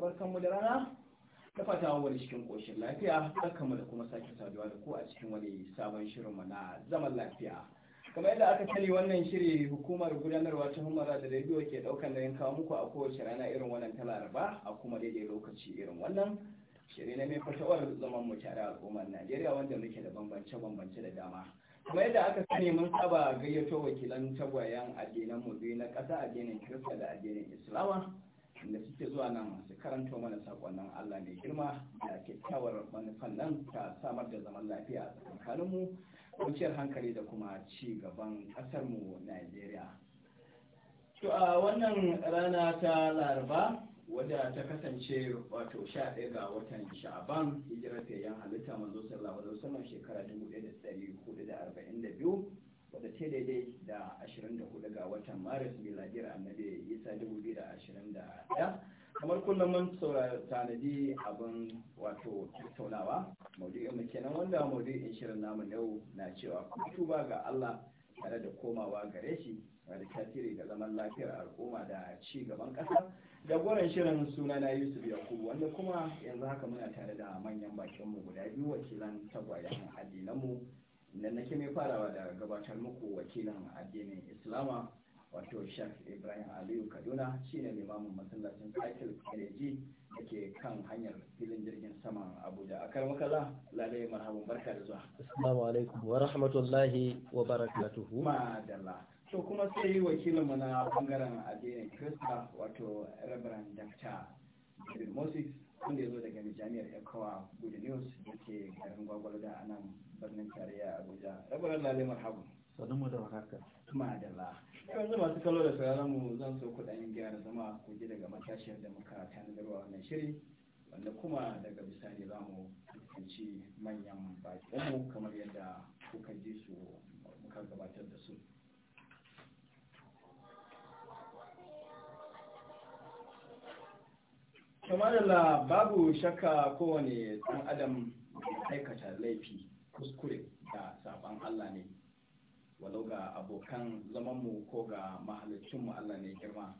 barkanmu da rana da fata wani cikin koshin lafiya barkanmu da kuma sake saduwa da ku a cikin wani sabon shirinmu na zaman lafiya kamar yadda aka sani wannan shiri hukumar gudanarwa ta hummara da rediyo ke daukan da kawo muku a kowace rana irin wannan ta laraba a kuma daidai lokaci irin wannan shiri na mai fatawar zaman mu tare al'ummar najeriya wanda muke da bambance-bambance da dama kamar yadda aka sani mun saba gayyato wakilan tagwayen addinan mu biyu na ƙasa addinin kirista da addinin islama da suke zuwa nan su karanto mana sakonnin Allah ne girma da kyakkyawar manufan nan ta samar da zaman lafiya a tsakaninmu kwanciyar hankali da kuma ci gaban ƙasarmu Najeriya. To a wannan rana ta Laraba wadda ta kasance wato sha ɗaya ga watan Sha'aban hijirar yan halitta manzo sallallahu alaihi wasallam shekara biyu. wata ce daidai da 24 ga watan maris miladiyar annabi isa 2021 kamar kullum mun tanadi abin wato tattaunawa maudu'in mu kenan wanda maudu'in shirin namu yau na cewa ba ga Allah tare da komawa gare shi da tasiri ga zaman lafiyar al'umma da ci gaban ƙasa jagoran shirin suna na yusuf yakubu wanda kuma yanzu haka muna tare da manyan bakinmu guda biyu wakilan tagwayen addinanmu nan nake mai farawa da gabatar muku wakilin addinin islama wato shek ibrahim aliyu kaduna shine limamin masallacin cycle kareji da ke kan hanyar filin jirgin sama abuja a karmakala lalai marhaban barka da zuwa assalamu alaikum wa rahmatullahi wa barakatuhu madalla to kuma sai mu na bangaren addinin krista wato reverend dr david moses wanda ya zo daga jami'ar ekowa good news da ke garin gwagwalda a nan birnin tarayya abuja rabarar ya hagu sannan mu da da madalla yanzu masu kallo da sauraron mu zan so ku gyara zama ku ji daga matashiyar da muka tanadarwa wannan shiri wanda kuma daga bisani za mu fuskanci manyan mu kamar yadda kuka ji su muka gabatar da su kamar da babu shakka kowane ɗan adam aikata laifi kuskure da saban Allah ne walau ga abokan zamanmu ko ga mahalicinmu Allah ne girma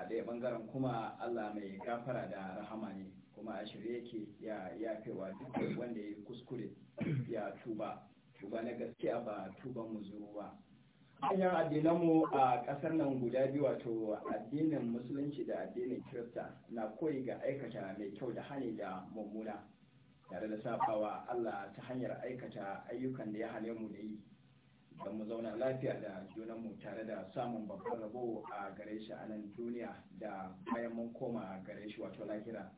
a ɗaya ɓangaren kuma Allah mai gafara da rahama ne kuma a shirye yake ya yafewa duk wanda ya kuskure ya tuba tuba na gaskiya ba tuban mu zuru ba hanyar addinanmu a ƙasar nan guda biyu wato addinin musulunci da addinin kirista na koyi ga aikata mai kyau da hani da mummuna tare da sabawa Allah ta hanyar aikata ayyukan da ya hane mu da yi don mu zauna lafiya da junanmu tare da samun babban rabo a gare shi a nan duniya da bayan mun koma gare shi wato lahira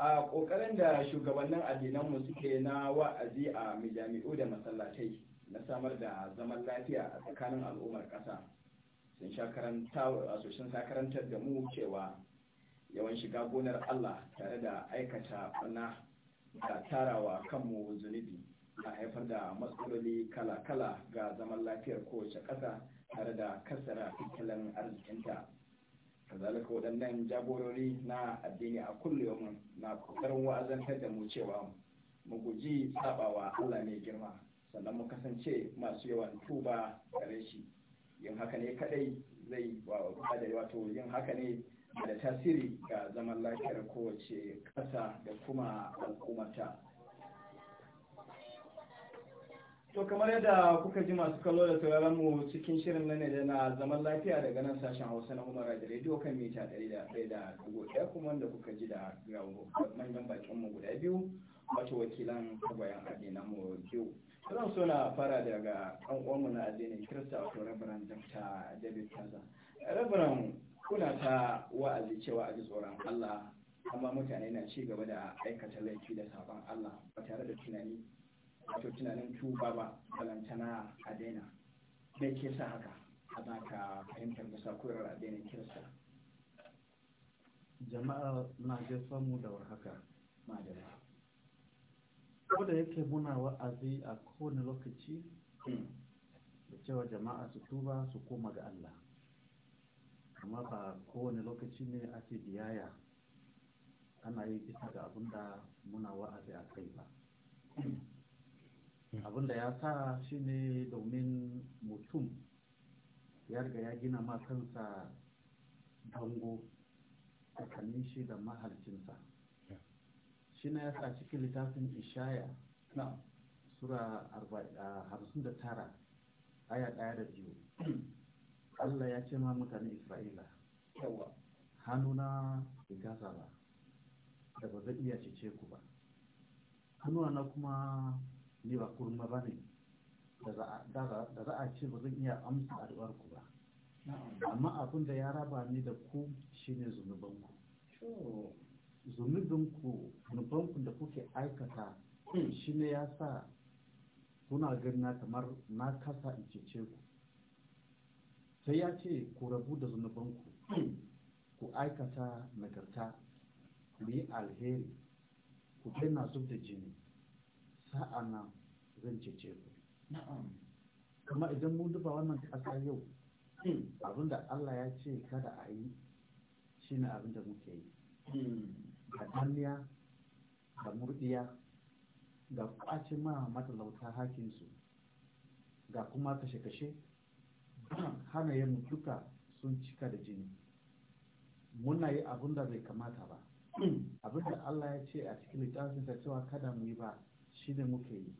a ƙoƙarin da shugabannin addinanmu suke na wa'azi a mijami'u da masallatai na samar da zaman lafiya a tsakanin al'ummar ƙasa sun sha karantar da mu cewa yawan shiga gonar Allah tare da aikata ana da tarawa kanmu zunubi a haifar da matsaloli kala-kala ga zaman lafiyar kowace ƙasa tare da kasara tattalin arzikinta kazalika waɗannan jagorori na addini a kullum na ƙoƙarin wa'azantar da mu cewa mu guji sabawa Allah ne girma sannan mu kasance masu yawan tuba gare shi yin haka ne kadai zai wa wato yin haka ne da tasiri ga zaman lafiyar kowace ƙasa da kuma al'ummata to kamar yadda kuka ji masu kallo da sauraron mu cikin shirin nan da na zaman lafiya daga nan sashen hausa na umar da rediyo kan mita ɗari da da dubu kuma wanda kuka ji da manyan bakin mu guda biyu wato wakilan kabayan adina mu biyu zan so na fara daga ɗan uwanmu na addinin kirista wato rabaran dr david kaza rabaran kuna ta wa'azi cewa a ji tsoron Allah amma mutane na ci gaba da aikata laifi da sabon Allah ba tare da tunani wato tunanin tuba ba balantana a daina me ke sa haka a baka fahimtar da sakurar a daina kirista jama'a na ga samu da warhaka madalla ko da yake muna wa'azi a kowane lokaci hmm. da cewa jama'a su tuba su koma ga Allah amma ba kowane lokaci ne ake biyaya ana yi bisa ga abin da muna wa'azi a kai ba hmm. abin da ya sa shi ne domin mutum ya riga ya gina ma kansa bango tsakanin shi da mahalcinsa shi na ya sa cikin littafin ishaya na sura 59 ah, aya 1 da biyu. Allah ya ce ma mutane Isra'ila Hannu hannuna bai Gaza ba da ba zai iya cece ku ba Hannu na kuma ne ba kurma ba ne da za a ce ba zan iya amsa addu'ar ku ba amma abin da ya raba ni da ku shine zunubanku zunubinku zunubanku da kuke aikata hmm. shi ne ya sa kuna gani kamar na kasa in cece ku sai ya ce ku rabu da zunubanku ku aikata nagarta ku yi alheri ku daina zub da jini sa'a na zan cece ku kuma idan mun duba wannan ƙasa yau abinda Allah ya ce kada a yi shi ne abinda muke yi da danniya da murdiya da ƙwace ma matalauta hakinsu ga kuma kashe-kashe Hana hannayenmu duka sun cika da jini muna yi abin da bai kamata ba abin da Allah ya ce a cikin littafinsa cewa kada mu yi ba shi ne muke yi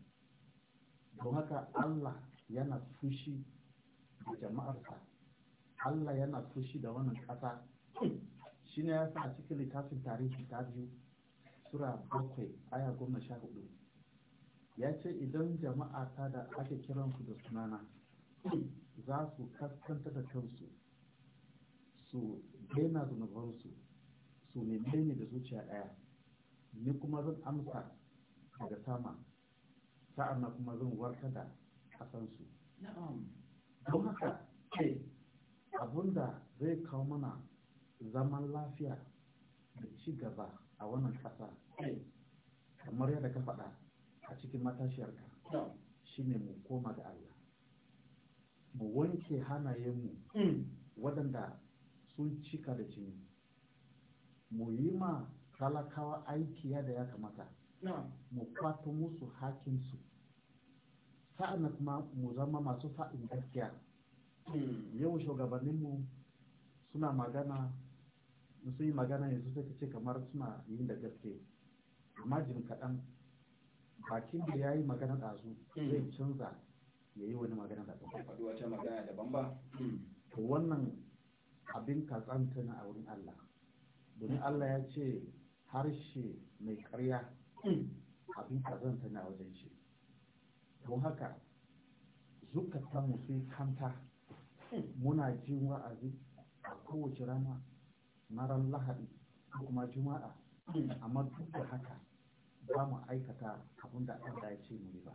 don haka Allah yana fushi da jama'arsa Allah yana fushi da wannan ƙasa shi ne ya sa a cikin littafin tarihi ta biyu sura bakwai aya goma sha hudu ya ce idan jama'a ta da ake ku da sunana za su kaskanta da kansu su daina zunubansu su neme ni da zuciya ɗaya ni kuma zan amsa daga sama sa'an na kuma zan warka da kasansu don haka ce da zai kawo mana zaman lafiya da ci gaba a wannan ƙasa kamar yadda ka faɗa a cikin matashiyarka shi ne mu koma da Allah mu wanke hannayenmu mm. waɗanda sun cika da jini mu yi ma talakawa aiki yadda ya kamata mu kwato musu hakinsu sa'an kuma mu zama masu faɗin gaskiya mm. yau shugabanninmu suna magana sun yi magana yanzu sai ce kamar suna yin da gaske amma jin kaɗan bakin da ya yi magana ɗazu mm. zai canza ya yi wani magana da kuma faɗi wata magana daban ba to wannan abin katsanta na a wurin Allah domin Allah ya ce harshe mai karya abin kazanta na wajen shi don haka zukatanmu sai kanta muna jin wa'azi a kowace rana na ran lahadi kuma juma'a amma duk da haka ba mu aikata abin da Allah ya ce mu yi ba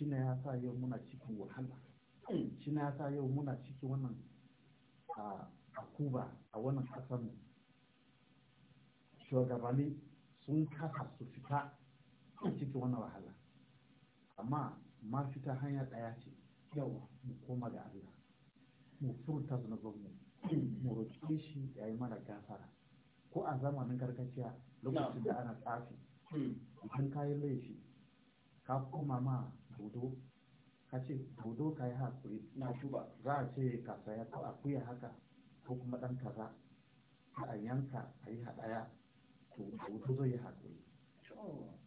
shi na ya sa yau muna cikin wahala shi ya sa yau muna cikin wannan a kuba a wannan kasar shugabanni sun kasa su fita cikin wannan wahala amma mafita hanya ɗaya ce yau mu koma ga Allah mu furta zunubanmu mu roƙe shi ya yi mana gafara ko a zamanin gargajiya lokacin da ana tsafi idan kayan laifi ka koma ma dodo ka ce dodo ka yi hakuri na tuba za a ce ka saya ko akuya haka ko kuma ɗan kaza a yanka a yi haɗaya to dodo zai yi hakuri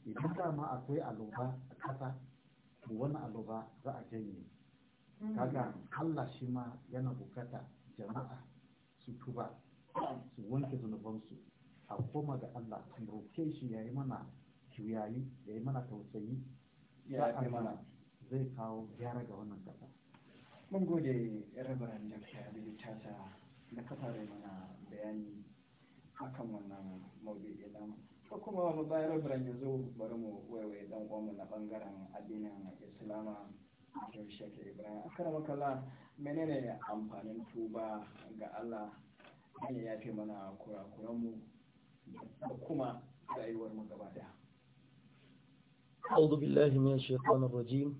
idan dama akwai aloba a ƙasa to wani aloba za a janye hmm. kaga Allah shi ma yana bukata jama'a su tuba su wanke zunubansu a koma ga Allah roke shi yayi mana juyayi yi mana tausayi ya mana zai kawo gyara ga wannan kasa mun gode rabaran da ya bi da kafa da mana bayani akan wannan maudu'i namu ko kuma mu bayan rabaran yanzu bari mu waiwaye dan uwanmu na bangaren addinin islama Shehu Sheikh Ibrahim akarama kalla menene amfanin tuba ga Allah ne ya fi mana kurakuranmu da kuma rayuwar mu gaba daya أعوذ بالله من الشيطان الرجيم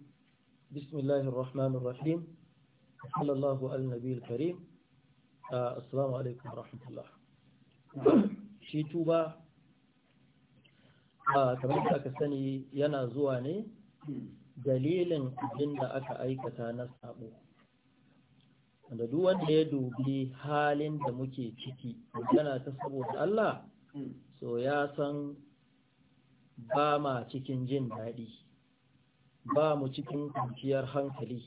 بسم الله الرحمن الرحيم صلى الله على النبي الكريم السلام عليكم ورحمة الله shi tuba a kamar da aka sani yana zuwa ne dalilin abin da aka aikata na sabo wanda duk wanda ya dubi halin da muke ciki yana ta saboda Allah so ya san ba ma cikin jin daɗi ba mu cikin kwanciyar hankali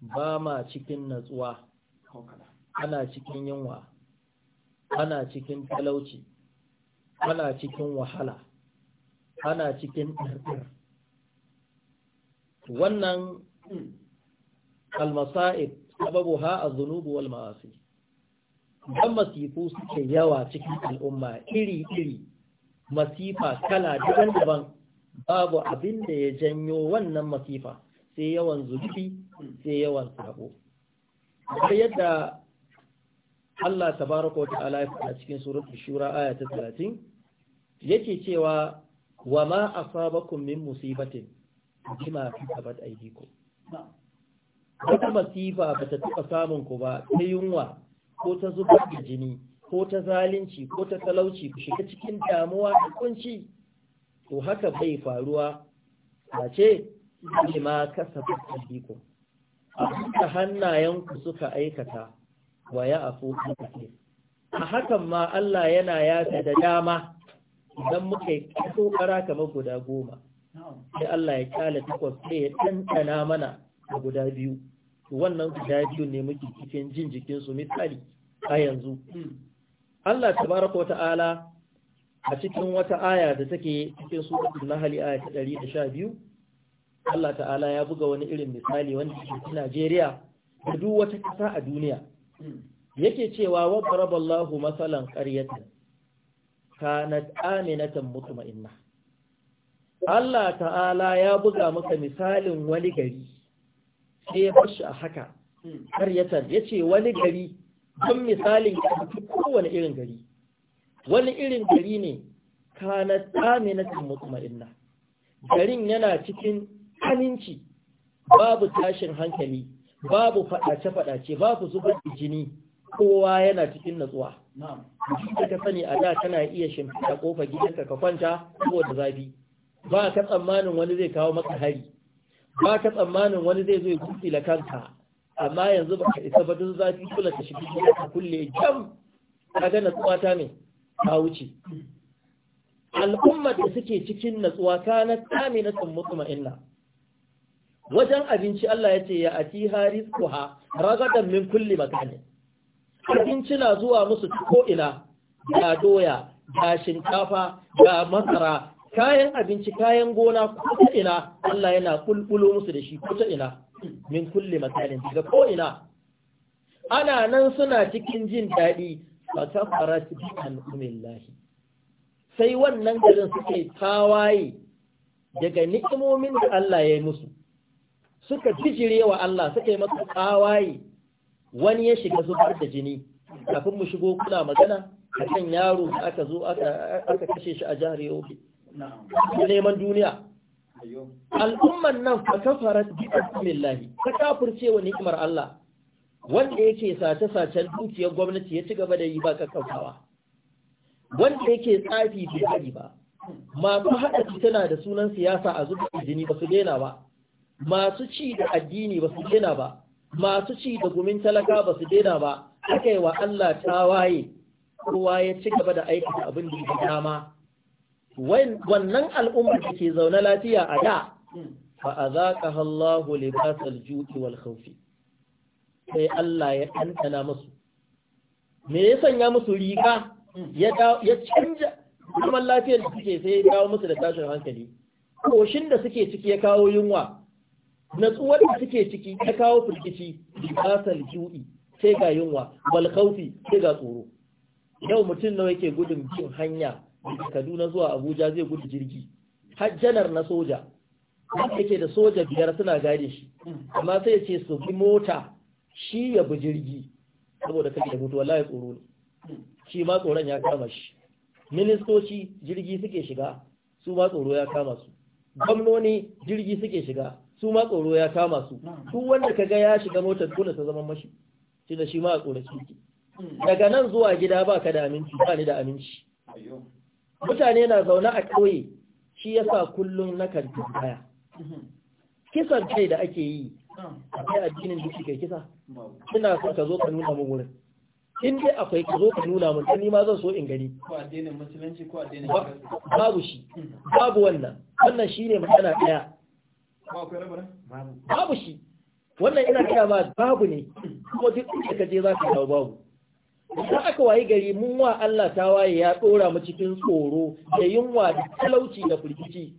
ba ma cikin natsuwa ana cikin yunwa ana cikin talauci ana cikin wahala ana cikin ɗarɗar wannan almasa'id sababu ha a zunubu wal ma'asi don masifu suke yawa cikin al'umma iri-iri masifa kala daban-daban babu abin da ya janyo wannan masifa sai yawan zubi sai yawan sabo kamar yadda Allah tabaraka wa ta'ala ya faɗa cikin suratul shura aya ta 30 yake cewa wa ma asabakum min musibatin bima kasabat aydikum wata masifa ba ta taɓa samun ku ba ta yunwa ko ta zubar da jini ko ta zalunci ko ta talauci ku shiga cikin damuwa da kunci to haka bai faruwa a ce ma kasafin ɗabiku a haka hannayenku suka aikata wa ya afu a hakan ma Allah yana yafe da dama idan muka yi kara kamar guda goma sai Allah ya kyale takwas sai ya ɗanɗana mana da guda biyu wannan guda biyu ne muke cikin jin jikinsu misali a yanzu Allah tabaraka wa ta'ala a cikin wata aya da take cikin suratul nahl aya ta 112 Allah ta'ala ya buga wani irin misali wanda cikin Najeriya da duk wata kasa a duniya yake cewa wa baraballahu masalan qaryatan kanat aminatan mutma'inna Allah ta'ala ya buga maka misalin wani gari sai ya fashi a haka qaryatan yace wani gari don misalin ya fi kowane irin gari wani irin gari ne kana tsaminatin mutuma'inna garin yana cikin kaninci, babu tashin hankali babu faɗace-faɗace babu zubar jini kowa yana cikin natsuwa da ka sani a da kana iya shimfiɗa ƙofa gidanka ka kwanta saboda zafi ba ka tsammanin wani zai kawo maka hari ba ka tsammanin wani zai zo ya kusi da kanka amma yanzu ba isa ba duk zafi kula ta shi gida ta kulle jam ka ga natsuwa ta ne ta wuce al'ummar da suke cikin natsuwa na na tsami kana aminatan inna wajen abinci Allah ya ce ya ati harizquha ragadan min kulli makani abinci na zuwa musu ko ina ga doya ga shinkafa ga masara kayan abinci kayan gona ko ta ina Allah yana kulkulo musu da shi ko ta ina min kulli masalin daga ko'ina ana nan suna cikin jin daɗi ba ta fara bi al'umin lahi sai wannan garin suke tawaye daga ni'imomin da Allah ya yi musu suka bijire wa Allah suka yi masa tawaye wani ya shiga zubar da jini kafin mu shigo kuna magana a kan yaro da aka zo aka kashe shi a jihar yobe neman duniya al'umman nan fa kafarat bi ta kafurce wa ni'imar Allah wanda yake sace sacen dukiyar gwamnati ya ci gaba da yi ba kakkautawa wanda yake tsafi bai bari ba masu haɗa tana da sunan siyasa a zuba jini ba su daina ba masu ci da addini ba su daina ba masu ci da gumin talaka ba su daina ba aka yi wa Allah ta waye, kowa ya ci gaba da aikata abin da ya dama wannan al'ummar da ke zaune lafiya a da hmm. fa ka hallahu libasal juki wal haufi sai Allah ya ɗanɗana musu me ya sanya musu riga hmm. ya canja zaman lafiyar da suke sai ya dawo musu da tashin hankali koshin da suke ciki ya kawo yunwa natsuwar da suke ciki ya kawo firgici basal juki sai ga yunwa wal haufi sai ga tsoro yau mutum nawa yake gudun bin hanya daga Kaduna zuwa Abuja zai gudu jirgi hajjanar na soja wanda yake da soja biyar suna gane shi amma sai ya ce su bi mota shi ya bi jirgi saboda kai da mutu wallahi tsoro ne shi ma tsoron ya kama shi ministoci jirgi suke shiga su ma tsoro ya kama su gwamnoni jirgi suke shiga su ma tsoro ya kama su su wanda ka ga ya shiga motar dole ta zama mashi shi da shi ma a tsoraci daga nan zuwa gida ba ka da aminci ba ni da aminci mutane na zaune a ƙauye shi ya sa kullum na kan baya kisan kai da ake yi akwai addinin da kai kisa ina so ka zo ka nuna mu wurin in dai akwai ka zo ka nuna mu, ni ma zan so in gani ko addinin musulunci ko addinin babu shi babu wannan wannan shine magana daya babu shi wannan ina kira ma babu ne kuma duk da ka je za ka dawo babu da aka wayi gari mun wa Allah ta waye ya dora mu cikin tsoro da yunwa da talauci da firgici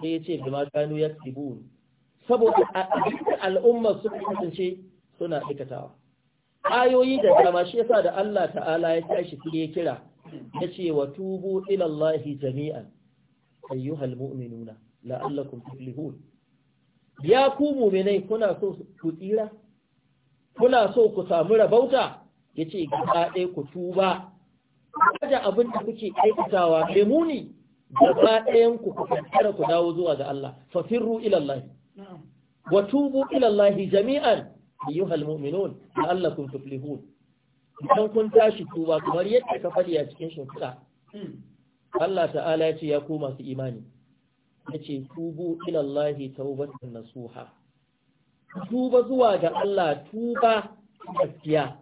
sai ya ce bi ma kanu ya tibu saboda al'umma su kasance suna aikatawa ayoyi da dama shi yasa da Allah ta'ala ya tashi sai ya kira ya ce wa tubu ila Allah jami'an ayyuhal mu'minuna la'allakum tuflihun ya ku mu'minai kuna so ku tsira kuna so ku samu rabauta ya ce gaba ɗaya ku tuba kada abin da kuke aikatawa mai muni gaba ɗayan ku ku kankara ku dawo zuwa ga Allah fafirru ilallahi wa tubu ilallahi jami'an ayyuhal mu'minun la'allakum tuflihun idan kun tashi tuba kamar yadda ka faɗi a cikin shimfiɗa hmm. Allah ta'ala ya ce ya ku masu imani ya ce tubu ilallahi taubatan nasuha tuba zuwa ga Allah tuba gaskiya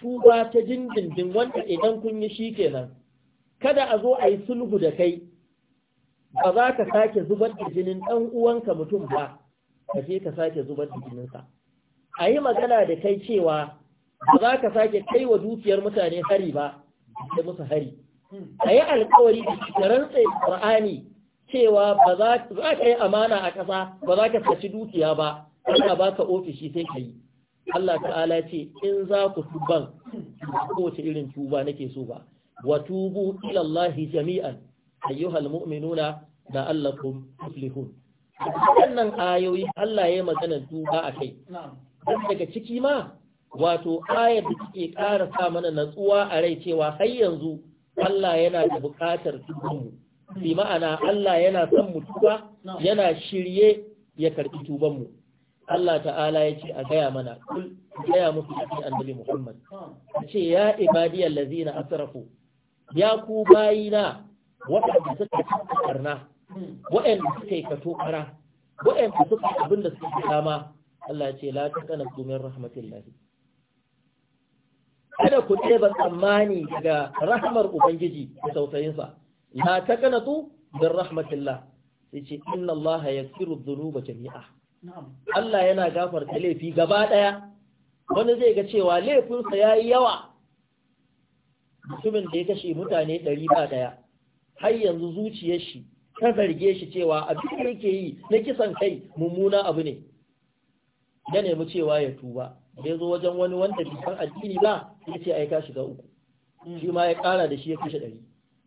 tuba ta jindindin wanda idan kun yi shi kenan kada a zo a yi sulhu da kai ba za ka sake zubar da jinin ɗan uwanka mutum ba ka je ka sake zubar da jininsa a yi magana da kai cewa ba za ka sake kai wa dukiyar mutane hari ba da musu hari a yi alkawari da shekarar tsaye ƙar'ani cewa ba za ka yi amana a ƙasa ba za ka saci dukiya ba ba ka ofishi sai ka yi Allah ta'ala ce in za ku tuban kowace irin tuba nake so ba wa tubu ila Allah jami'an ayyuhal mu'minuna la'allakum tuflihun wannan ayoyi Allah ya magana tuba akai daga ciki ma wato ayar da take ƙara sa mana natsuwa a rai cewa har yanzu Allah yana da buƙatar tubanmu bi ma'ana Allah yana son mu tuba yana shirye ya karɓi mu. Allah ta'ala ya ce a gaya mana kul gaya muku cikin annabi Muhammad ya ce ya ibadiyal ladzina asrafu ya ku bayina waɗanda suka yi karna waɗanda suka yi kato kara waɗanda suka yi abin da suka yi dama Allah ya ce la takana min rahmatillahi kada ku ɗeba tsammani daga rahmar ubangiji da tausayinsa la takanatu min rahmatillah sai ce inna Allah yaghfiru dhunuba jami'a Allah yana gafarta laifi gaba ɗaya wani zai ga cewa laifinsa ya yi yawa mutumin da ya kashe mutane ɗari ba ɗaya har yanzu zuciyar shi ta zarge shi cewa abin da yake yi na kisan kai mummuna abu ne ya nemi cewa ya tuba da zo wajen wani wanda bai san addini ba ya ce aika ka shiga uku mm. shi ma ya kara da shi ya kashe ɗari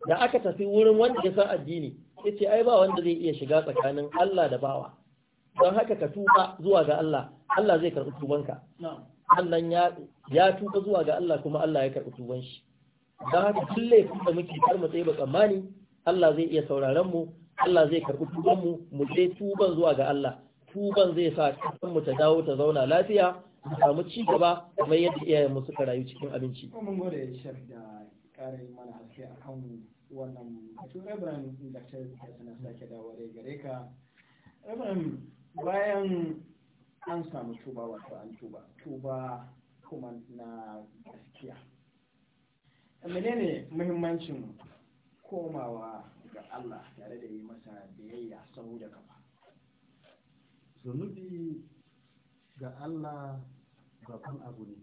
da aka tafi wurin wanda ya san addini ya ce ai ba wanda zai iya shiga tsakanin Allah da bawa don haka ka tuba zuwa ga Allah Allah zai karɓi tubanka sannan ya tuba zuwa ga Allah kuma Allah ya karɓi tuban shi don haka tun laifin da muke kar mu tsaye ba tsammani Allah zai iya sauraron mu Allah zai karɓi tuban mu mu je tuban zuwa ga Allah tuban zai sa kasan mu ta dawo ta zauna lafiya mu samu ci gaba kamar yadda iyayen mu suka rayu cikin abinci mun gode shek da karin mana haske akan wannan Ibrahim da ta sake dawo gare ka Ibrahim bayan an samu tuba wato an tuba tuba kuma na gaskiya menene muhimmancin komawa ga Allah tare da yi masa biyayya sau da kafa zunubi ga Allah gaban abu ne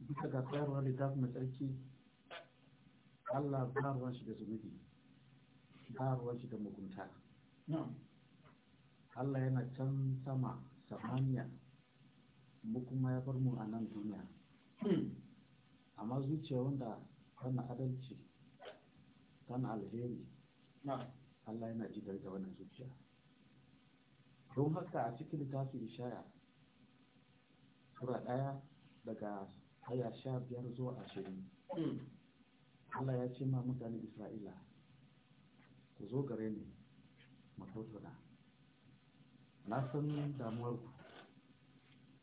duka ga tsayarwar littafin mai tsarki Allah ba ruwan shi da zunubi ba ruwan shi da mugunta Allah yana can sama samaniya mu kuma ya bar mu a nan duniya amma zuciya wanda tana adalci tana alheri Allah yana jidar da wannan zuciya don haka a cikin littafi ishaya sura ɗaya daga aya sha biyar zuwa ashirin Allah ya ce ma mutane Isra'ila ku zo gare ni makautuna na san damuwar ku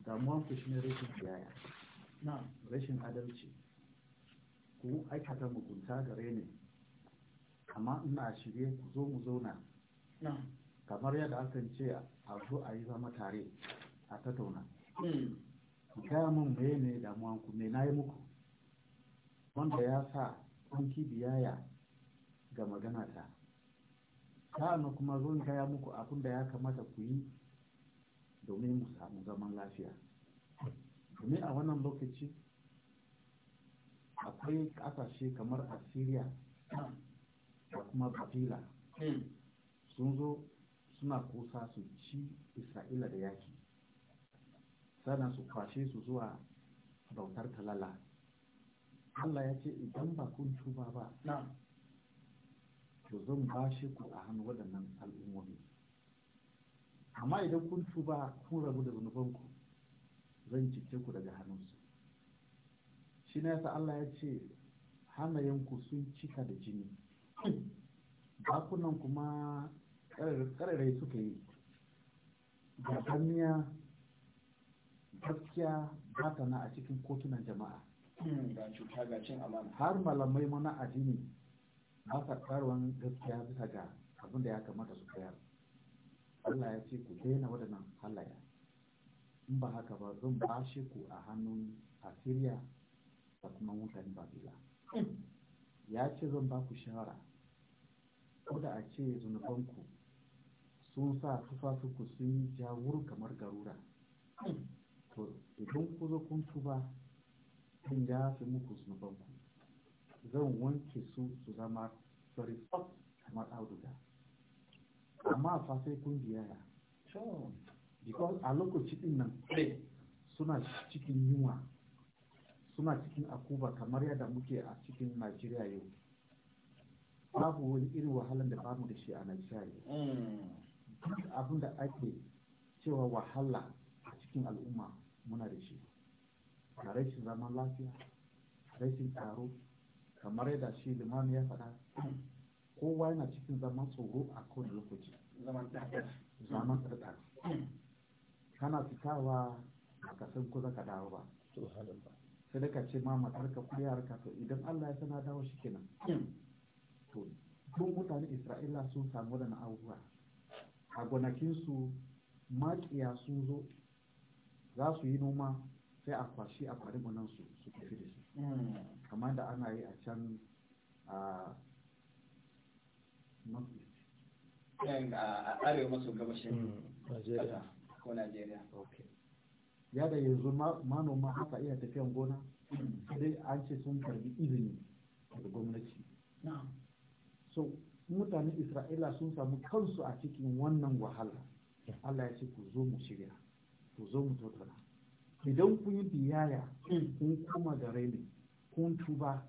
damuwar ku rashin biyaya na rashin adalci ku aikata mugunta gare ne amma ina shirye ku zo mu zauna kamar yadda aka ce a zo a yi zama tare a tattauna hmm. ku kaya min meye ne damuwan ku me na yi muku wanda ya sa ki biyaya ga magana ta sa'an kuma zo kaya muku abin da ya kamata ku yi domin mu samu zaman lafiya domin a wannan lokaci akwai kasashe kamar assyria da kuma babila hmm. sun zo suna kusa su ci isra'ila da yaki sannan su kwashe su zuwa bautar talala allah ya ce idan ba kun tuba ba to zan bashe ku a hannu waɗannan al'ummomi amma idan kun tuba kun rabu da zunubanku zan cike ku daga hannunsu shi na yasa Allah ya ce hannayenku sun cika da jini bakunan kuma ƙararai suka yi ga hanniya gaskiya ba ta na a cikin kotunan jama'a har malamai mana addini ba sa karuwan gaskiya bisa ga abin da ya kamata su kayar Allah ya ce ku daina waɗannan halaya in ba haka ba zan bashe ku a hannun asiriya da kuma mutanen babila ya ce zan ba ku shawara ko da a ce ku sun sa tufafinku sun yi jawur kamar garura to idan ku zo kun tuba ja yafe muku zunubanku zan wanke su su zama sarifaf kamar auduga amma fa sai kun biyaya because a lokaci din nan eh. suna cikin yunwa suna cikin akuba kamar yadda muke a cikin nigeria yau babu wani irin wahalan da bamu da shi a Najeriya mm. duk abin da ake cewa wahala a cikin al'umma muna da shi a rashin zaman lafiya rashin tsaro kamar yadda shi limanu ya faɗa mm. kowa yana cikin zaman tsoro a kowane lokaci zaman tsarda kana fitawa a san ko zaka dawo ba sai da ce ma matarka ko yarka to idan Allah ya sana dawo shi kenan to duk mutanen Isra'ila sun samu da abubuwa a gonakinsu maƙiya sun zo za su yi noma sai a kwashi a kwarin su su tafi da su mm. kamar da ana yi a can a a arewa maso gabashin mm, ko Najeriya. Ya da yanzu manoma haka iya tafiyan gona, sai an ce sun karbi izini daga gwamnati. So, mutanen Isra'ila sun samu kansu a cikin wannan wahala. Allah ya ce ku zo mu shirya, ku zo mu tattara. Idan kun yi biyaya, kun kuma gare ni, kun tuba,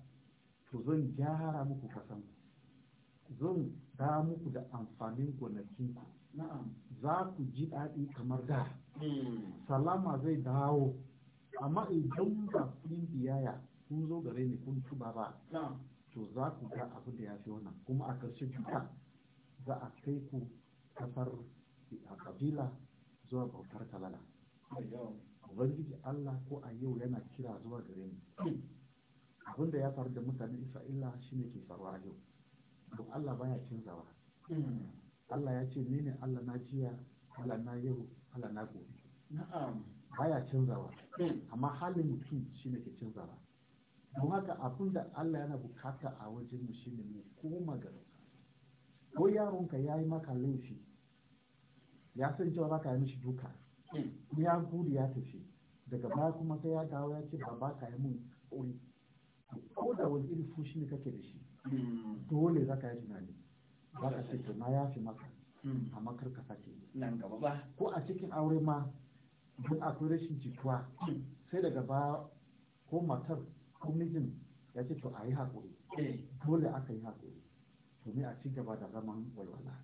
to zan gyara muku kasan. Zan muku da amfanin gonakinku za ku ji daɗi kamar da hmm. salama zai dawo amma idan ba kun biyaya kun zo gare ni kun tuba ba to za ku ga abin da ya fi wannan kuma a ƙarshe duka za a kai ku kasar a kabila zuwa bautar kalala ubangiji allah ko a yau yana kira zuwa gare ni hmm. abin da ya faru da mutanen isra'ila shine ke faruwa a yau to Allah baya canzawa hmm. Allah ya ce ni ne Allah na jiya Allah na yau Allah na gobe baya canzawa hmm. amma halin mutum shi ne ke canzawa don haka abin da Allah yana bukata a wajen mu ne mu koma ga ko yaronka ya yi maka laifi ya san cewa baka yi mishi duka hmm. ya gudu ya tafi daga baya kuma sai ya dawo ya ce ba ka yi mun ƙuri ko da wani irin fushi ne kake da shi dole za ka yi tunani za ka ce to na ya fi maka mm. amma kar ka sake nan gaba ba ko a cikin aure ma duk akwai rashin jituwa mm. sai daga ba ko matar ko mijin ya ce to a yi haƙuri eh. dole aka yi haƙuri domin a ci gaba da zaman walwala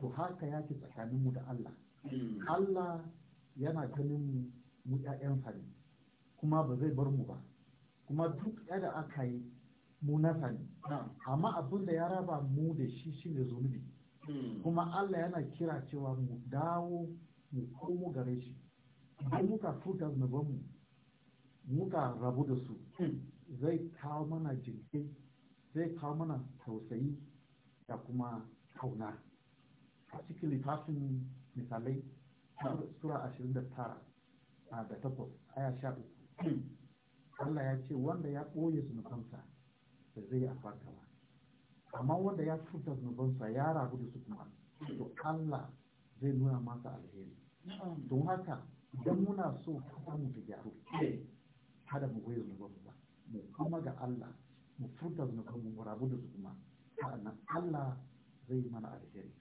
to haka ya tsakanin mu da Allah mm. Allah yana ganin mu mu 'ya'yansa ne kuma ba zai bar mu ba kuma duk yadda aka yi mu nasa ne amma abin da ya raba mu da shi shine zunubi hmm. kuma Allah yana kira cewa mu dawo mu komo gare shi idan muka furta zunubanmu muka rabu da su hmm. zai kawo mana jirgin zai kawo mana tausayi da kuma kauna a cikin littafin misalai hmm. sura 29 a ah, da takwas aya 13 Allah ya ce wanda ya ɓoye zunubansa da zai afarta ba amma wanda ya cuta zunubansa ya ragu da su kuma to Allah zai nuna masa alheri don haka idan muna so kuma mu ta gyaru kada mu goyi zunubansa ba mu kuma ga Allah mu furta zunubanmu mu rabu da su kuma sa'annan Allah zai mana alheri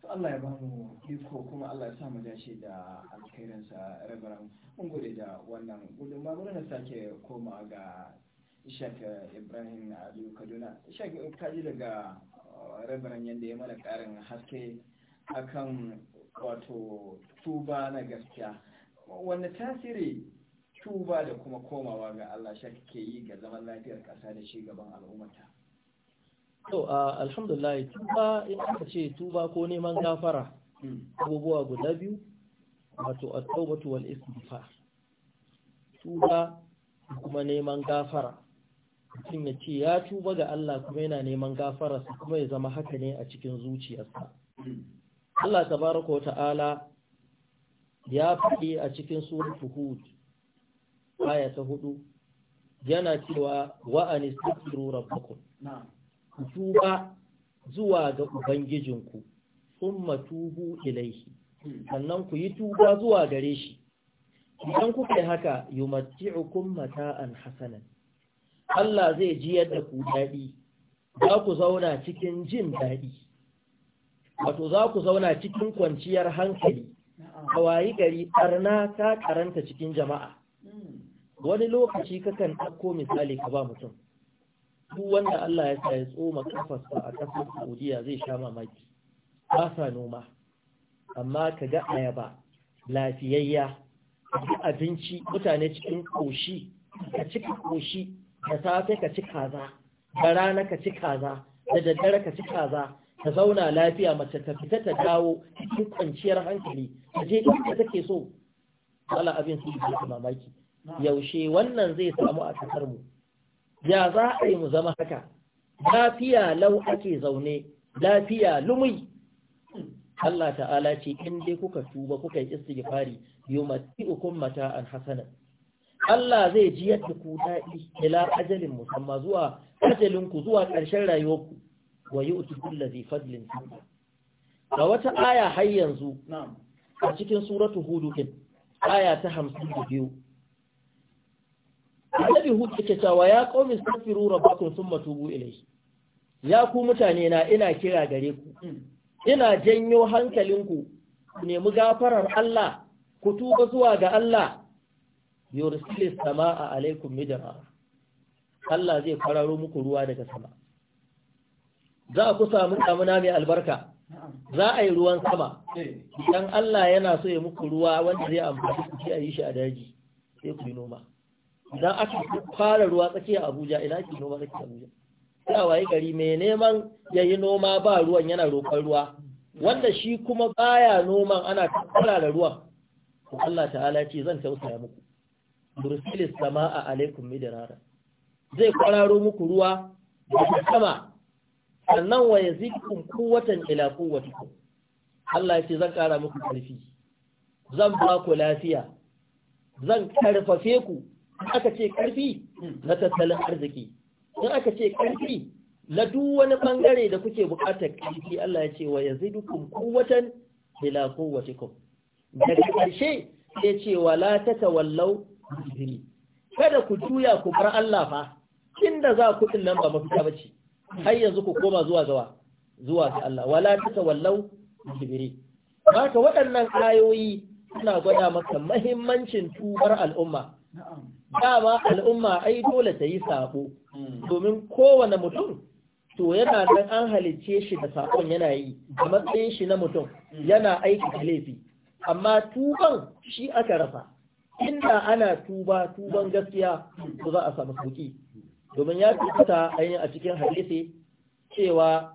to Allah ya bamu iko kuma Allah ya sa mu dace da alkhairinsa rabaran mun gode da wannan gudunmawa na sake koma ga ishaq eh, ibrahim aliyu kaduna ishaq eh, kaji daga eh, rabin yadda ya mana karin haske akan wato tuba na gaskiya wanda tasiri tuba da kuma komawa ga allah shak ke yi ga zaman lafiyar ƙasa da shi gaban al'ummata to alhamdulahi tuba in aka ce tuba ko neman gafara hmm. abubuwa guda biyu wato at-taubatu wal fa, tuba kuma neman gafara mutum ya ce ya tuba ga Allah kuma yana neman gafararsa kuma ya zama haka ne a cikin zuciyarsa Allah tabaraka wa ta'ala ya faɗi a cikin suratul hud aya ta hudu yana cewa wa anistaghfiru rabbakum ku tuba zuwa ga ubangijinku thumma tubu ilayhi sannan ku yi tuba zuwa gare shi idan kuka yi haka yumatti'ukum mata'an hasanan Allah zai jiyar da ku daɗi za ku zauna cikin jin daɗi wato za ku zauna cikin kwanciyar hankali a wayi gari ɓarna ta karanta cikin jama'a wani lokaci kakan ɗauko misali ka ba mutum duk wanda Allah ya sayi tsoma ƙafarsa a ƙasar Saudiya zai sha mamaki ba sa noma amma ka ga ayaba lafiyayya abinci mutane cikin ƙoshi ka cika ƙoshi da safe ka ci kaza da rana ka ci kaza da daddare ka ci kaza ta zauna lafiya mace ta fita ta dawo cikin kwanciyar hankali ta je inda take so ala abin su yi mamaki yaushe wannan zai samu a kasar mu ya za a yi mu zama haka lafiya lau ake zaune lafiya lumai Allah ta'ala ce in dai kuka tuba kuka yi istighfari yumati'ukum mata'an hasanan Allah zai ji yadda ku daɗi ila ajalin musamma zuwa ajalin ku zuwa ƙarshen rayuwarku wa yi utukun lazi fadlin Da wata aya har yanzu a cikin suratu hudu ɗin aya ta hamsin da biyu Annabi Hud yake cewa ya qaumi astaghfiru rabbakum thumma tubu ilayhi ya ku mutane na ina kira gare ku hmm. ina janyo hankalinku ku nemi gafarar Allah ku tuba zuwa ga Allah yursilis sama'a alaikum midra Allah zai fararo muku ruwa daga sama za ku samu damuna mai albarka za a yi ruwan sama idan Allah yana so ya muku ruwa wanda zai amfani ku ci a shi a daji sai ku yi noma idan aka fara ruwa tsakiya Abuja ina ki noma tsakiya Abuja ya waye gari mai neman yayi noma ba ruwan yana roƙon ruwa wanda shi kuma baya noman ana tattara da ruwan Allah ta'ala ya ce zan tausaya muku mursilis sama'a alaikum midrara zai kwararo muku ruwa daga sama sannan wa yazikum quwwatan ila quwwatikum Allah yace zan kara muku karfi zan ba ku lafiya zan karfafe ku aka ce karfi na tattalin arziki in aka ce karfi na duk wani bangare da kuke bukatar karfi Allah ya ce wa yazidukum quwwatan ila quwwatikum daga karshe. sai ce wala tatawallau ne, kada ku juya ku bar Allah fa inda za ku din nan ba mafita bace har yanzu ku koma zuwa zawa, zuwa ga Allah wala wallau kibiri haka waɗannan ayoyi suna gwada maka mahimmancin tubar al'umma dama al'umma ai dole ta yi sako hmm. domin kowane mutum to yana nan an halicce shi da sakon yana yi a matsayin shi na mutum hmm. yana aiki da amma tuban shi aka rasa inda ana tuba tuban gaskiya to za a samu sauki domin ya tabbata ainihin a cikin hadisi cewa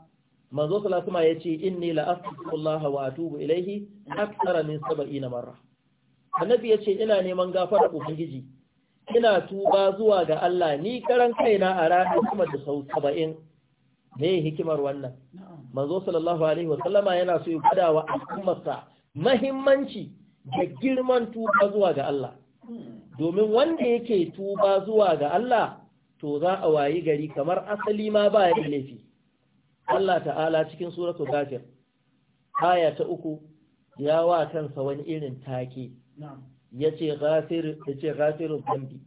manzo alaihi ya ce inni astaghfirullah wa atubu ilaihi akthar min 70 marra annabi ya ce ina neman gafara ubangiji ina tuba zuwa ga Allah ni karan kaina a rana kuma da sau 70 me hikimar wannan manzo sallallahu alaihi wa sallama yana so ya gada wa ummarsa muhimmanci da girman tuba zuwa ga Allah domin wanda yake tuba zuwa ga Allah to za a wayi gari kamar asali ma ba ya laifi Allah ta'ala cikin suratul ghafir aya ta uku ya wa kansa wani irin take yace ghafir yace Zambi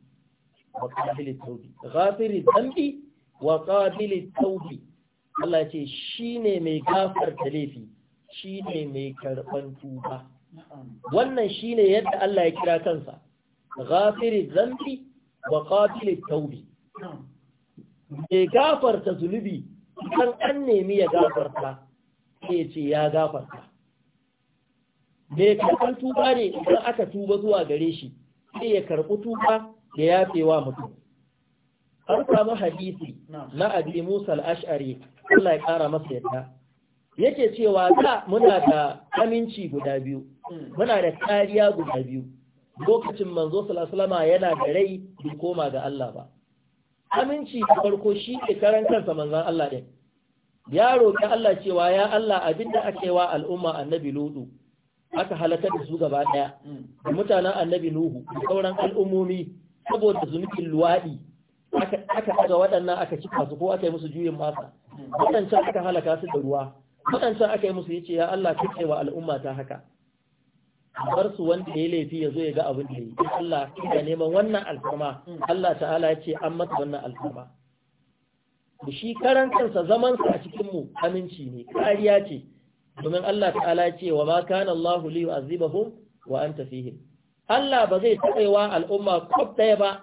wa qabilit tawbi ghafirid dambi wa qabilit tawbi Allah ce shine mai gafarta laifi shine mai karban tuba wannan shine yadda Allah ya kira kansa ghafiri zambi wa qabilit taubi me gafarta zunubi kan an nemi ya gafarta ke ce ya gafarta me kan tuba ne idan aka tuba zuwa gare shi sai ya karɓi tuba da yafewa mutum An samu hadisi na abi musa al-ash'ari Allah ya ƙara masa yadda yake cewa da muna da aminci guda biyu muna da kariya guda biyu lokacin manzo sallallahu yana da rai da koma ga Allah ba aminci da farko shi ne karan kansa manzon Allah din ya roƙi Allah cewa ya Allah abinda ake wa al'umma annabi Lutu aka halakar da su gaba daya da mutanen annabi Nuhu da sauran al'ummomi saboda zunubin luwaɗi, aka aka waɗannan aka cika su ko aka yi musu juyin masa waɗancan aka halaka su da ruwa waɗansa aka yi musu ya ce ya Allah kace wa al'umma ta haka bar su wanda ya laifi ya zo ya ga abin da yi Allah ya neman wannan alfarma Allah ta'ala ya ce an masa wannan alfarma da shi karan kansa zaman sa a cikin mu aminci ne kariya ce domin Allah ta'ala ya ce wa ma kana Allah li yu'azibahum wa anta fihim Allah ba zai taɓaiwa al'umma ko ɗaya ba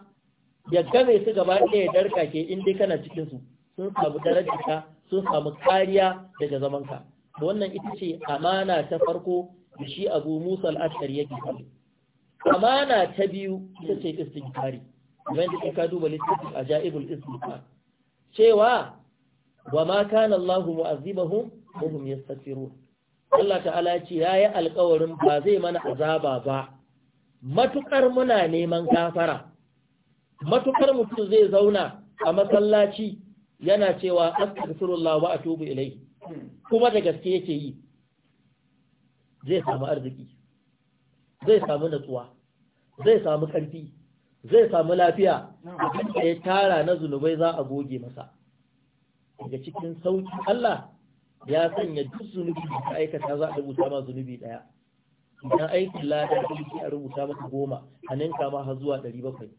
ya game su gaba ɗaya darka ke in dai kana cikin su sun samu darajar sun samu kariya daga zamanka wannan ita ce amana ta farko da shi abu musa al'ashari yake kalli amana ta biyu ita ce istighfari kamar da ka duba littafin ajaibul istighfar cewa wa ma kana Allah mu'azzibahum wa hum yastaghfirun Allah ta'ala ce yayi alƙawarin ba zai mana azaba ba matukar muna neman gafara matukar mutum zai zauna a masallaci yana cewa astaghfirullah wa atubu ilayhi kuma da gaske yake yi zai samu arziki zai samu natsuwa zai samu karfi zai samu lafiya da ya tara na zunubai za a goge masa daga cikin sauki Allah ya sanya duk zunubi da ka aikata za a rubuta ma zunubi daya idan aikin lada ɗauki a rubuta maka goma a ninka ma har zuwa ɗari bakwai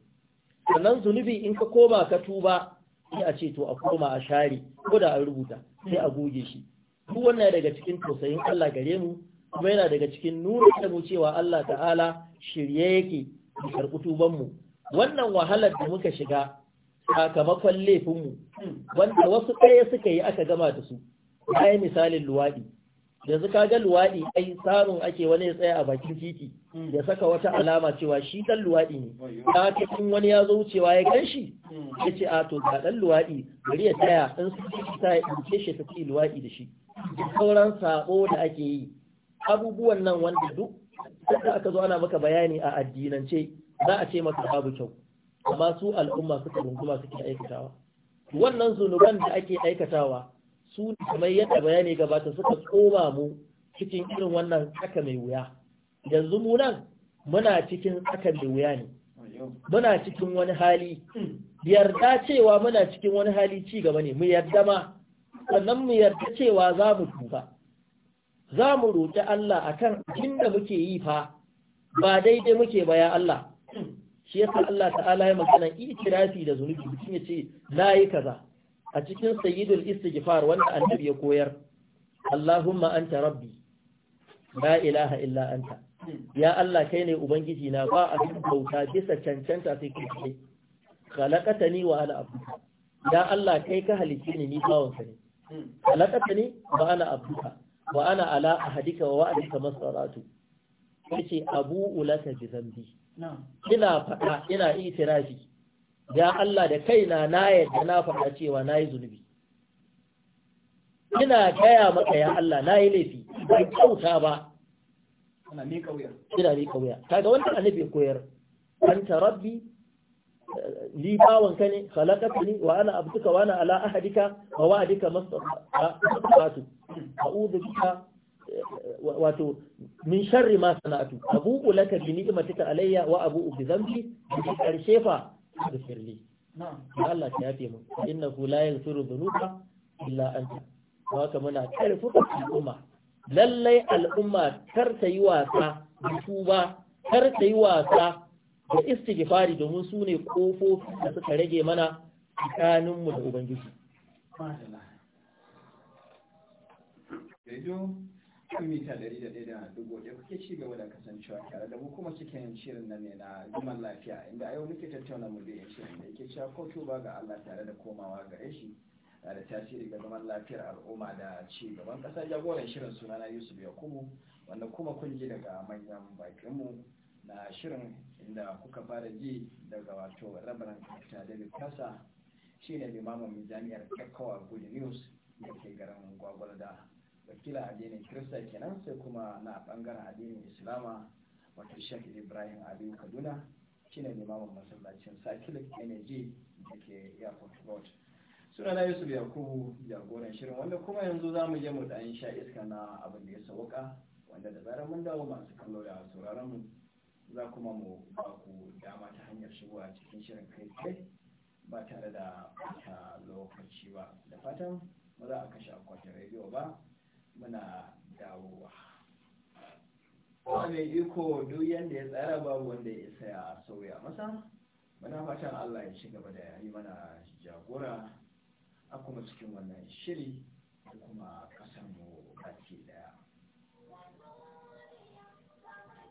sannan zunubi in ka koma ka tuba sai a ce to a koma a share ko da a rubuta sai a goge shi duk wannan daga cikin tausayin Allah gare mu kuma yana daga cikin nuna da mu cewa Allah ta'ala shirye yake da karbutuban mu wannan wahalar da muka shiga sakamakon laifin mu wanda wasu ɗaya suka yi aka gama da su bayan misalin luwaɗi yanzu ga luwaɗi ai samun ake wani ya tsaya a bakin titi ya saka wata alama cewa shi dan luwaɗi ne ta kun wani ya zo wucewa ya ganshi? shi ya ce a to ga ɗan luwaɗi bari ya tsaya in su ce ta ya ce shi ta ci luwaɗi da shi sauran sabo da ake yi abubuwan nan wanda duk da aka zo ana maka bayani a addinance za a ce maka babu kyau amma su al'umma suka runguma suke aikatawa wannan zunuban da ake aikatawa su ne kamar yadda bayani gabata suka tsoma mu cikin irin wannan tsaka mai wuya yanzu mu nan muna cikin tsaka mai wuya ne muna cikin wani hali yarda cewa muna cikin wani hali ci gaba ne mu yarda ma sannan mu yarda cewa za mu tuba za mu roƙi Allah akan abin da muke yi fa ba daidai muke ba ya Allah shi yasa Allah ta'ala ya magana itirafi da zunubi mutum ya ce na yi kaza a cikin sayyidul istighfar wanda annabi ya koyar Allahumma anta rabbi la ilaha illa anta ya Allah kai ne ubangiji na ba a cikin bauta bisa cancanta sai kai khalaqatani wa ana abduka ya Allah kai ka halice ni ni bawanka ne khalaqatani wa ana abduka wa ana ala ahadika wa wa'adika masaratu yace abu ulaka bi zambi ina fada ina itirafi ya Allah da kaina na yadda na faɗa cewa na yi zunubi ina gaya maka ya Allah na yi laifi ba kyauta ba ina ne kauya ga wannan annabi koyar anta rabbi li bawan ka ne khalaqatni wa ana abduka wa ana ala ahadika wa wa'adika mastaqatu a'udhu bika wato min sharri ma sana'atu abu'u laka bi ni'matika alayya wa abu'u bi dhanbi bi karshe da firli ya Allah ta yafe mu inna hu la yaghfiru dhunuba illa anta haka muna karfi al'umma lallai al'umma kar ta yi wasa da tuba kar ta yi wasa da istighfari domin su ne kofofi da suka rage mana mu da ubangiji Thank you. kan mita ɗari da ɗaya na dubu ɗaya kuke ci gaba da kasancewa tare da mu kuma cikin shirin nan ne na zaman lafiya inda a yau muke tattauna mu da shirin da yake cewa ko tuba ga Allah tare da komawa ga shi da tasiri ga zaman lafiyar al'umma da ci gaban ƙasa jagoran shirin suna na Yusuf Yakubu wanda kuma kun ji daga manyan bakinmu na shirin inda kuka fara ji daga wato rabaran da David Kasa shine limamin jami'ar Kakawa Good News da ke garin Gwagwalda wakila addinin kirista kenan sai kuma na bangaren addinin islama wato shek ibrahim aliyu kaduna shine limamin masallacin cyclic energy da ke airport road suna na yusuf yakubu jagoran shirin wanda kuma yanzu za mu je mu da sha iska na abin da ya sauka wanda da zarar mun dawo masu kallo da sauraron mu za kuma mu ba ku dama ta hanyar shigowa cikin shirin kai kai ba tare da lokaci ba da fatan ba za a kashe akwatin rediyo ba muna dawowa kowa mai iko duk yadda ya tsara babu wanda ya saya a sauya masa muna fatan allah ya ci gaba da yi mana jagora a kuma cikin wannan shiri da kuma kasanmu ɗaya. daya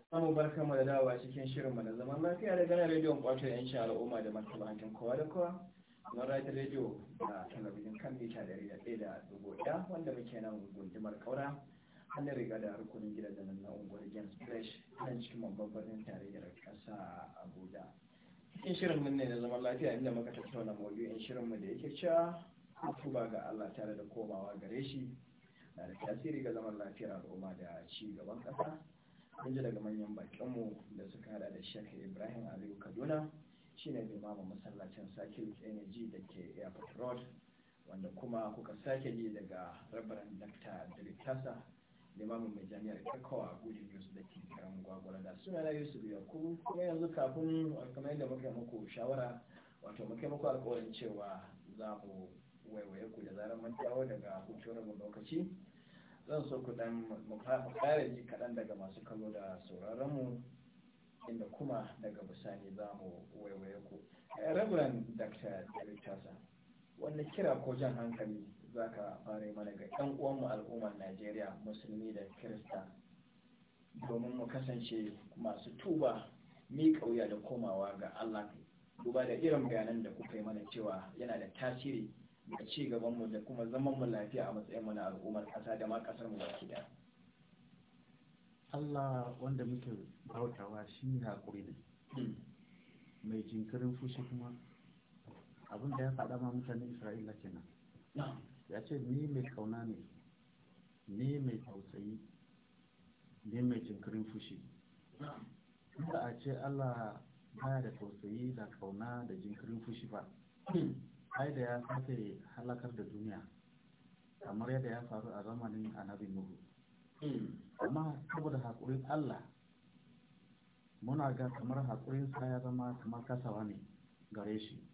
samu barka mu da dawowa cikin shirin mu na zaman lafiya da gana rediyon kwato 'yancin al'umma da masu kowa da kowa Sunrise Radio da uh, talabijin kan mita da rida ɗaya da dubu ɗaya wanda muke nan gundumar kaura an da riga da rukunin gidan da nan na unguwar James Fresh nan cikin babban birnin tarayyar ƙasa Abuja. in shirin mun ne na zaman lafiya inda muka tattauna maudu'in shirin mu da yake cewa tuba ga Allah tare da komawa gare shi na da tasiri ga zaman lafiyar al'umma da ci gaban ƙasa. Mun ji daga manyan bakinmu da suka hada da Sheikh Ibrahim Aliyu Kaduna ne limamin masallacin circuit energy da ke airport road wanda kuma kuka sake ji daga rabaran dr dalikasa limamin mai jami'ar kakawa gudun yusuf da ke karan da suna na yusuf yakubu kuma yanzu kafin kamar yadda muka muku shawara wato muka muku alkawarin cewa za mu waiwaye ku da zarar mun dawo daga hutun rabin lokaci zan so ku dan mu fara ji kaɗan daga masu kallo da sauraron mu inda kuma daga bisani za mu waiwaye ku reverend dr david tasa wanda kira ko jan hankali za ka fara mana ga 'yan uwanmu al'ummar najeriya musulmi da kirista domin mu kasance masu tuba mi kauya da komawa ga allah duba da irin bayanan da kuka yi mana cewa yana da tasiri da ci gabanmu da kuma zamanmu lafiya a matsayinmu na al'ummar ƙasa da ma ƙasar mu baki daya Allah wanda muke bautawa shi ne haƙuri ne mai jinkirin fushi kuma abin ya faɗa ma mutanen isra'ila kenan ya ce ni mai kauna ne ni mai tausayi ni mai jinkirin fushi da a ce Allah baya da tausayi da kauna da jinkirin fushi ba ai da ya sake halakar da duniya kamar yadda ya faru a zamanin annabi nuhu hmm. amma saboda haƙurin Allah muna ga kamar haƙurin sa ya zama kamar kasawa ne gare shi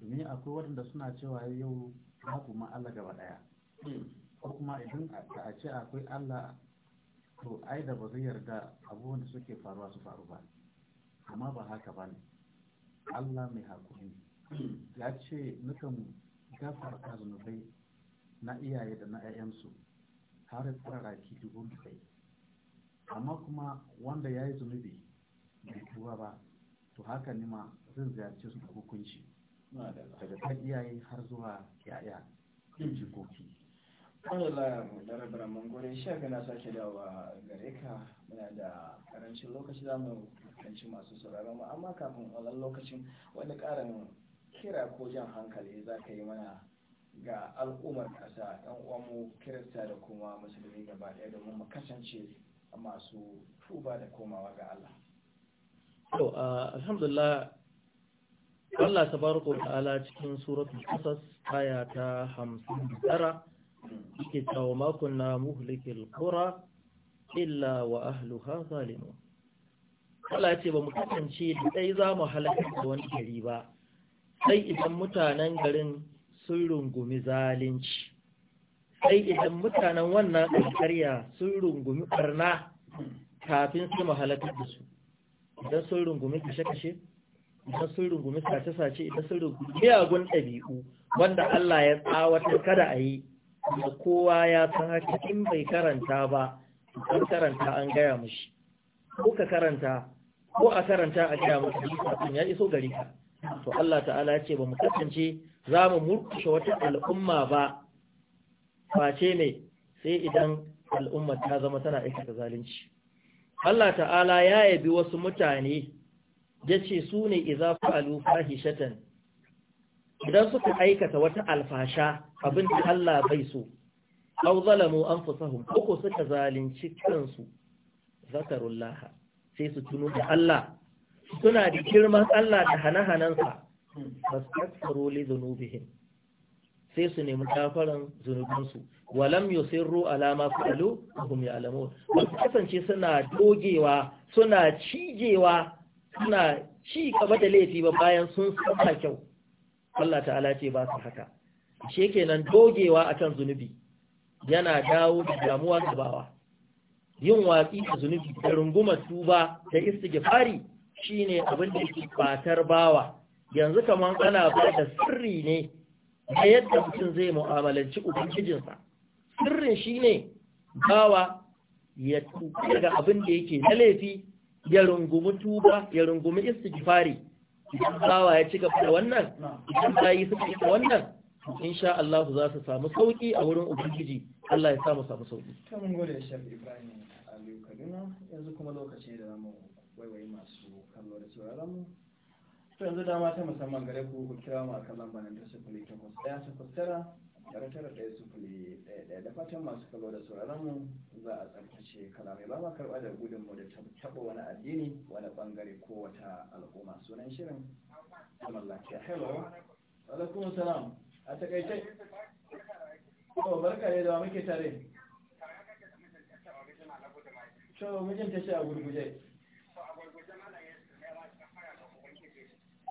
domin akwai waɗanda suna cewa yau ba kuma Allah gaba ɗaya hmm. ko kuma idan a ce akwai Allah to ai da ba zai yarda abubuwan da suke faruwa su faru ba amma ba haka ba ne Allah mai haƙuri hmm. ya ce nukan gafarta zunubai na iyaye da na 'ya'yansu da tsararraki dubu sai amma kuma wanda ya yi zunubi mai tuba ba to haka ne ma zan ziyarci su da hukunci daga kan iyaye har zuwa yaya jikoki kwanala darabar shi sha gana sake wa gare ka da karancin lokaci za mu kanci masu sauraron mu amma kafin wannan lokacin wani ƙarin kira ko jan hankali za ka yi mana ga al'ummar ƙasa yan uwanmu kirista da kuma musulmi gaba ɗaya domin mu kasance masu tuba da komawa ga Allah. To, alhamdulillah Allah tabaraka wa ta'ala cikin suratul Qasas aya ta 59 yake cewa ma kunna muhlikil qura illa wa ahluha zalimun. Allah ya ce ba mu kasance da dai za mu halaka da wani gari ba. Sai idan mutanen garin sun rungumi zalunci sai idan mutanen wannan ƙarƙariya sun rungumi ɓarna kafin su mahalakar da su idan sun rungumi kashe-kashe idan sun rungumi sace-sace idan sun rungumi miyagun ɗabi'u wanda Allah ya tsawatar kada a yi da kowa ya san haka in bai karanta ba an karanta an gaya mushi ko ka karanta ko a karanta a gaya mushi ya iso gari ka to Allah ta'ala ya ce ba mu kasance za mu murkushe wata al'umma ba face ne sai idan al'umma ta zama tana aikata zalunci Allah ta'ala ya yabi wasu mutane ya ce su ne iza fa'alu fahishatan idan suka aikata wata alfasha abin da Allah bai so aw zalamu anfusahum ko suka zalunci kansu zakarullah sai su tuno da Allah suna da girman Allah da hane-hanensa ba su li zunubihin sai su nemi gafaran zunubinsu walam yusirru alama fa'alu hum ya'lamun su kasance suna dogewa suna cijewa suna ci gaba da laifi ba bayan sun san kyau Allah ta'ala ce ba su haka shi kenan dogewa akan zunubi yana dawo da damuwa gabawa yin watsi da zunubi da rungumar tuba da istighfari shine abin da ke fatar bawa yanzu kaman ana ba da sirri ne ta yadda mutum zai mu'amalanci ubangijinsa sirrin shine bawa ya daga abin da yake na laifi ya rungumi tuba ya rungumi istighfari idan bawa ya ci gaba da wannan idan bayi suka yi wannan sha Allah za su samu sauki a wurin ubangiji Allah ya samu samu sauki. gode Ibrahim yanzu kuma lokaci da waiwai masu kallo da sauraron mu to yanzu dama ta musamman gare ku ku kira mu akan lamba nan ta sufuri takwas ɗaya takwas tara tara tara ɗaya sufuri ɗaya ɗaya da fatan masu kallo da sauraron mu za a tsaftace kalamai ba ma karɓa da gudun mu da taɓa wani addini wani ɓangare ko wata al'umma sunan shirin zaman lafiya hello alaikum salam a takaice to barka ne da muke tare to mijinta shi a gurguje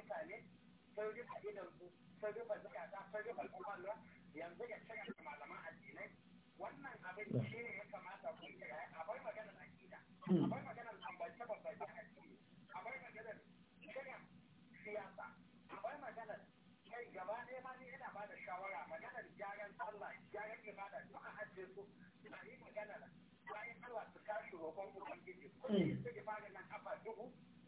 mutane sun rufe yanzu ya malaman addinai wannan abin shi ne ya kamata ku yi akwai maganar akida hmm. maganar ambace maganar siyasa maganar kai gaba ɗaya ma ina ba da shawara maganar gyaran sallah gyaran ibada duk a ajiye su a yi maganar bayan Allah su kashi roƙon ubangiji hmm. ko su fara nan kafa duhu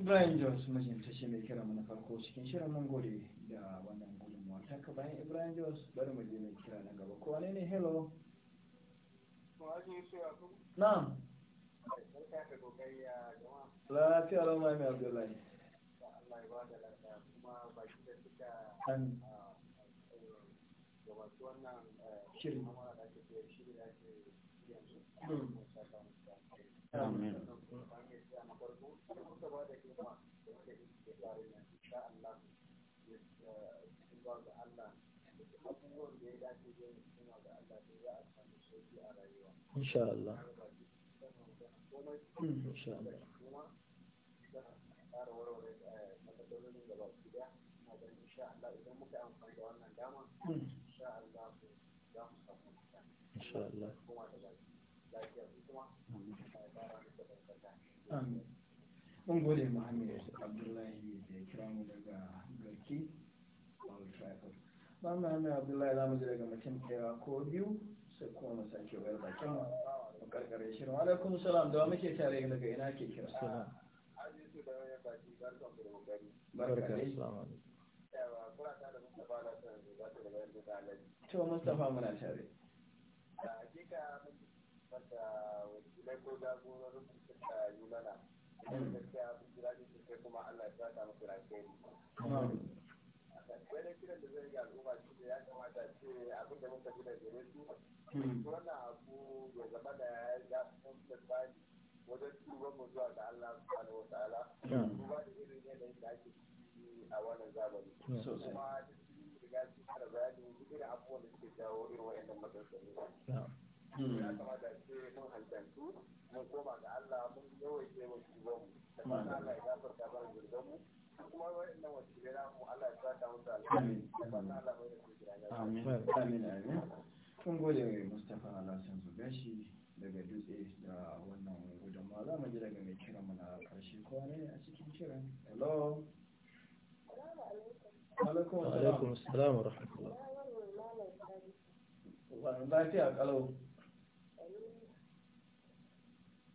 Ibrahim Jones mijinta shi mai kira mana farko cikin shirin mun gode da wannan gudun ta ka bayan Ibrahim Jones bari mu je mai kira na gaba ko ne ne hello na'am lafiya lau mai abdullahi ah, eh, shirin الله إن شاء الله إن شاء الله إن شاء الله mun gode muhammad yusuf abdullahi da kira mu daga garki old trafford ba mu hannun abdullahi za mu ji daga mutum ɗaya ko biyu sai kuma mu sake wayar bakin mu karkare shirin alaikum salam da wa muke tare daga ina ke kira salam barkare to mustapha muna tare hakika mun wanda wakilai ko jagororin suka yi mana gaskiya su kira kai kuma Allah ya ta musu alheri a gaskiya da kiran da zai ga al'umma shi da ya kamata ce abin da muka ji da gare su wannan abu ya zama da ya sun tsari wajen tuban mu zuwa ga Allah subhanahu wa ta'ala Kuma da irin yanayin da ake ciki a wannan zamani kuma da cikin riga cikin da bayani irin abubuwan da suke jawo irin wa'annan matsaloli Hmm. ya mun koma ga wa Mustapha Alhassan daga dutse da wannan za mu ji daga mai ko ne a cikin kiran hello salam lafiya kalau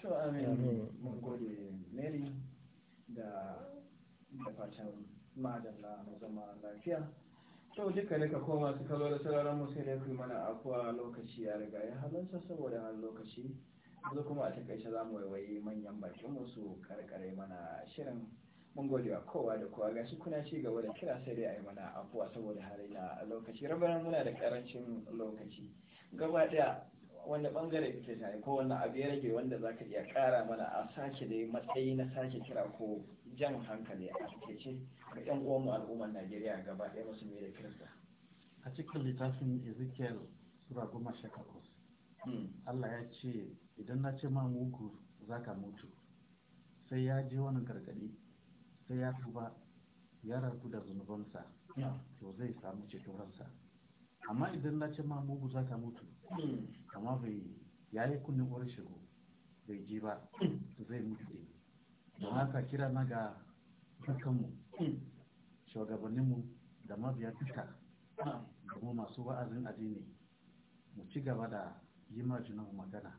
To amin mun gode Mary da fatan madalla zama lafiya. To duka duka ko masu kallo da sauraron mu sai da ku mana akwa lokaci ya riga ya halarta saboda har lokaci yanzu kuma a takaice za mu waiwayi manyan bakin mu su karkare mana shirin mun gode kowa da kowa gashi kuna ci gaba da kira sai dai a yi mana afuwa saboda na lokaci rabaran muna da karancin lokaci gaba daya wanda bangare kake tare ko wani abu ya rage wanda za ka iya kara mana a sake dai matsayi na sake kira ko jan hankali a ce ga yan uwanmu al'ummar najeriya gaba ɗaya musulmi da kirista a cikin littafin ezekiel sura goma sha takwas hmm. allah ya ce idan na ce ma mugu za ka mutu sai ya je wani gargaɗi sai ya tuba ya rabu da zunubansa to zai samu ceton ransa amma idan na ce ma mugu za ka mutu amma bai ya yi kunnen wani shigo bai ji ba zai mutu yi. don haka kira na ga dukkanmu shugabanninmu da mabiya duka da mu masu wa'azin addini mu ci gaba da yi ma magana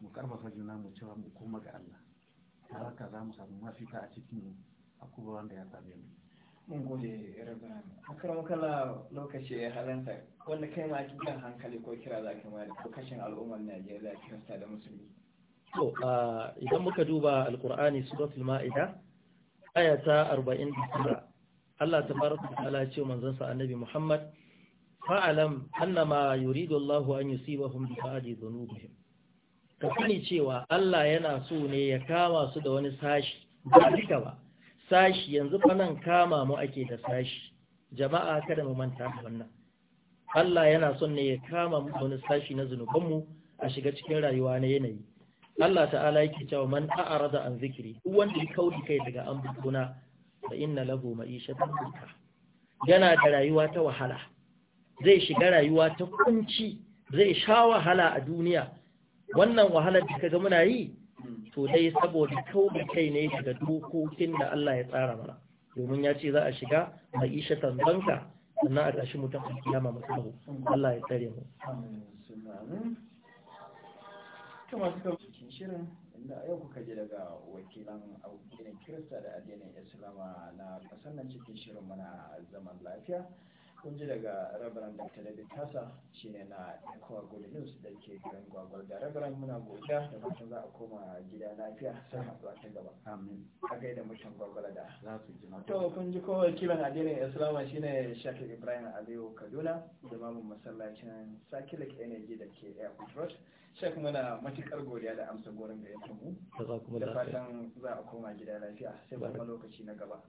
mu karfafa juna mu cewa mu koma ga Allah haka za mu samu mafita a cikin akwai wanda ya same mun gode rabin akarar kala lokaci ya halanta wanda kai ma kiran hankali ko kira za ka mai ko kashin al'ummar najeriya kirista da musulmi to idan muka duba alkur'ani suratul ma'ida aya ta 49 Allah ta tabaraka ta ce manzon sa annabi Muhammad fa'alam annama yuridu Allahu an yusibahum bi ba'di dhunubihim ka sani cewa Allah yana so ne ya kama su da wani sashi ba duka ba sashi yanzu fa nan kama mu ake da sashi jama'a kada mu manta da wannan Allah yana son ne ya kama mu wani sashi na zunuban mu a shiga cikin rayuwa na yanayi Allah ta'ala yake cewa man a'rada an zikri duk wanda ya kaudi kai daga an ambatuna fa inna lahu ma'ishatan dukka yana da rayuwa ta wahala zai shiga rayuwa ta kunci zai sha wahala a duniya wannan wahalar da kaga muna yi to dai saboda kauda kai ne daga dokokin da Allah ya tsara mana domin ya ce za a shiga ma'isha banka sannan a tashi mutum a kiyama masu Allah ya tsare mu shirin inda yau kuka ji daga wakilan addinin kirista da addinin islama na kasar nan cikin shirin mana zaman lafiya kun ji daga rabaran dr david tasa shi ne na ecowa gold news da ke garin gwagwar da rabaran muna godiya da mutum za a koma gida lafiya sai haɗuwa ta gaba amin a gaida mutum gwagwar da za su ji to kun ji kowa kiran addinin shi ne shakir ibrahim aliyu kaduna da limamin masallacin sakilik energy da ke airport road shek muna matukar godiya da amsa gorin da ya mu da fatan za a koma gida lafiya sai kuma lokaci na gaba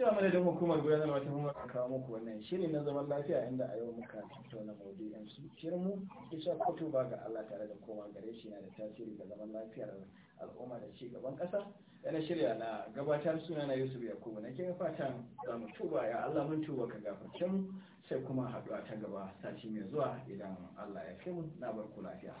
cewa madadin hukumar da wata hukumar kawo muku wannan shiri na zaman lafiya inda a yau muka tattauna maudu'in su mu isa kwato ba ga allah tare da koma gare shi na da tasiri ga zaman lafiyar al'umma da ci gaban ƙasa yana shirya na gabatar suna na yusuf yakubu na ke fatan za mu tuba ya allah mun tuba ka gafarce mu sai kuma haɗuwa ta gaba sati mai zuwa idan allah ya kai mu na barku lafiya